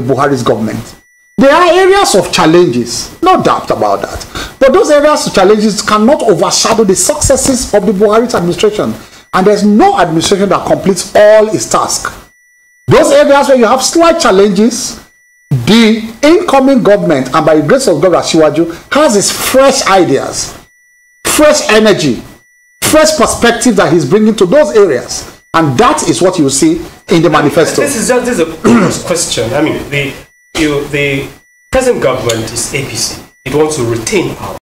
Buhari's government. There are areas of challenges, no doubt about that. But those areas of challenges cannot overshadow the successes of the Buhari's administration. And there's no administration that completes all its tasks. Those areas where you have slight challenges, the incoming government, and by the grace of God, Rashiwaju, has his fresh ideas, fresh energy, fresh perspective that he's bringing to those areas. And that is what you see in the manifesto. This is just this is a question. I mean, the you, the present government is APC. It wants to retain power.